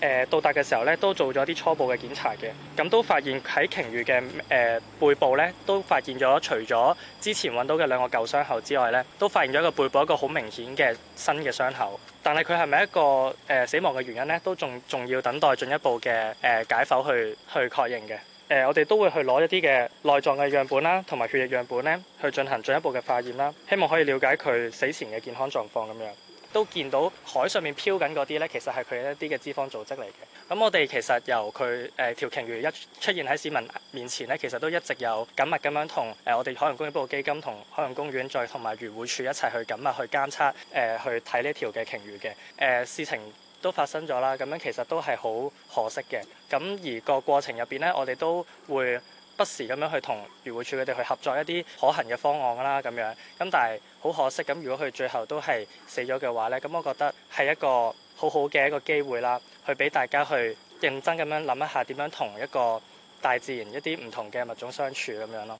誒到達嘅時候咧，都做咗啲初步嘅檢查嘅，咁都發現喺鯨魚嘅誒背部咧，都發現咗除咗之前搵到嘅兩個舊傷口之外咧，都發現咗一個背部一個好明顯嘅新嘅傷口。但係佢係咪一個誒、呃、死亡嘅原因咧，都仲仲要等待進一步嘅誒、呃、解剖去去確認嘅。誒、呃、我哋都會去攞一啲嘅內臟嘅樣本啦，同埋血液樣本咧，去進行進一步嘅化驗啦，希望可以了解佢死前嘅健康狀況咁樣。都見到海上面漂緊嗰啲呢，其實係佢一啲嘅脂肪組織嚟嘅。咁、嗯、我哋其實由佢誒條鯨魚一出現喺市民面前呢，其實都一直有緊密咁樣同誒我哋海洋公園保育基金同海洋公園再同埋漁護署一齊去緊密去監測誒、呃、去睇呢條嘅鯨魚嘅誒、呃、事情都發生咗啦。咁樣其實都係好可惜嘅。咁、呃、而個過程入邊呢，我哋都會不時咁樣去同漁護署佢哋去合作一啲可行嘅方案啦，咁樣咁但係好可惜咁，如果佢最後都係死咗嘅話呢，咁我覺得係一個好好嘅一個機會啦，去俾大家去認真咁樣諗一下點樣同一個大自然一啲唔同嘅物種相處咁樣咯。